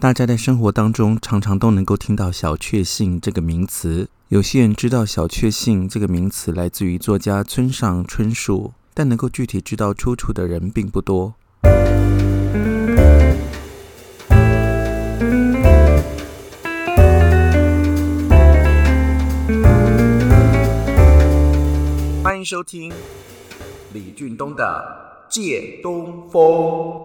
大家在生活當中常常都能夠聽到“小確幸”這個名詞，有些人知道“小確幸”這個名詞來自於作家村上春樹，但能夠具體知道出處的人並不多。歡迎收聽李俊東的《借東風》。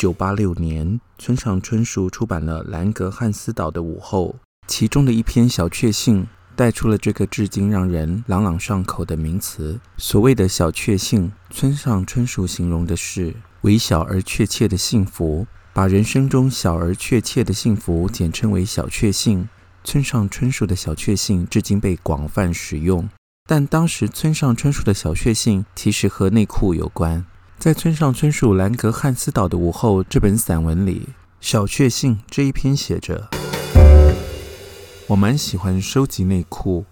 一九八六年，村上春樹出版了《蘭格漢斯島的午後》，其中的一篇小確幸帶出了這個至今讓人朗朗上口的名詞。所謂的小確幸，村上春樹形容的是微小而確切的幸福，把人生中小而確切的幸福簡稱為小確幸。村上春樹的小確幸至今被廣泛使用，但當時村上春樹的小確幸其實和內褲有關。在村上春樹《蘭格漢斯島的午後》這本散文裡，《小確幸》這一篇寫着：“我蠻喜歡收集內褲，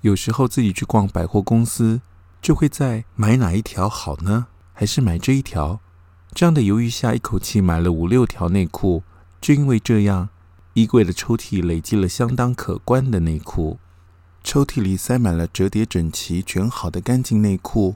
有時候自己去逛百貨公司，就會在買哪一條好呢？還是買這一條？這樣的猶豫下，一口氣買了五六條內褲。就因為這樣，衣櫃的抽屜累積了相當可觀的內褲，抽屜裡塞滿了折疊整齊、捲好的乾淨內褲。”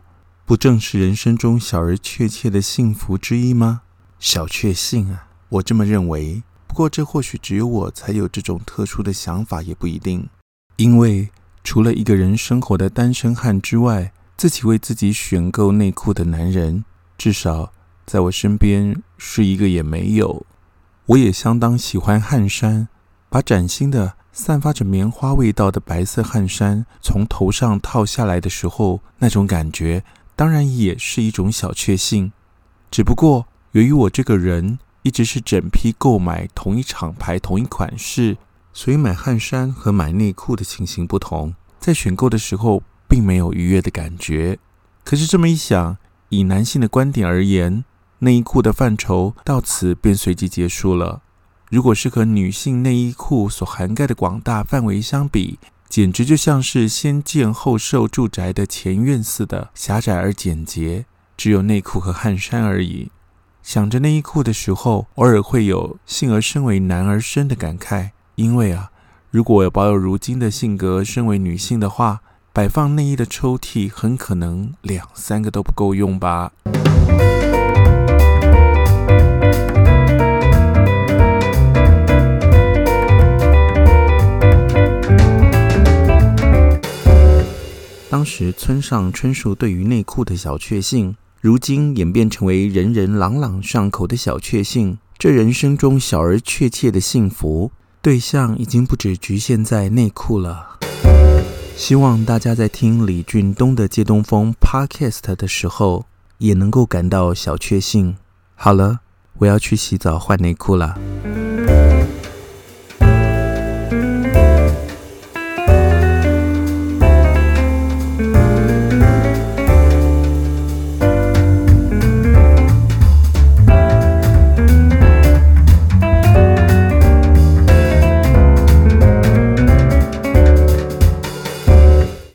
不正是人生中小而確切的幸福之一嗎？小確幸啊，我這麼認為。不過這或許只有我才有這種特殊的想法，也不一定。因為除了一個人生活的單身漢之外，自己為自己選購內褲的男人，至少在我身邊是一個也沒有。我也相當喜歡汗衫，把嶄新的、散發着棉花味道的白色汗衫從頭上套下來的時候，那種感覺。當然也是一種小確幸，只不過由於我這個人一直是整批購買同一廠牌、同一款式，所以買汗衫和買內褲的情形不同，在選購的時候並沒有愉悅的感覺。可是這麼一想，以男性的觀點而言，內衣褲的範疇到此便隨即結束了。如果是和女性內衣褲所涵蓋的廣大範圍相比，簡直就像是先建後售住宅的前院似的，狹窄而簡潔，只有內褲和汗衫而已。想着內衣褲的時候，偶爾會有“幸而身為男兒身”的感慨，因為啊，如果我保有如今的性格，身為女性的話，擺放內衣的抽屜很可能兩三個都不夠用吧。當時村上春樹對於內褲的小確幸，如今演變成為人人朗朗上口的小確幸。這人生中小而確切的幸福對象，已經不止局限在內褲了。希望大家在聽李俊東的借東風 Podcast 的時候，也能夠感到小確幸。好了，我要去洗澡換內褲了。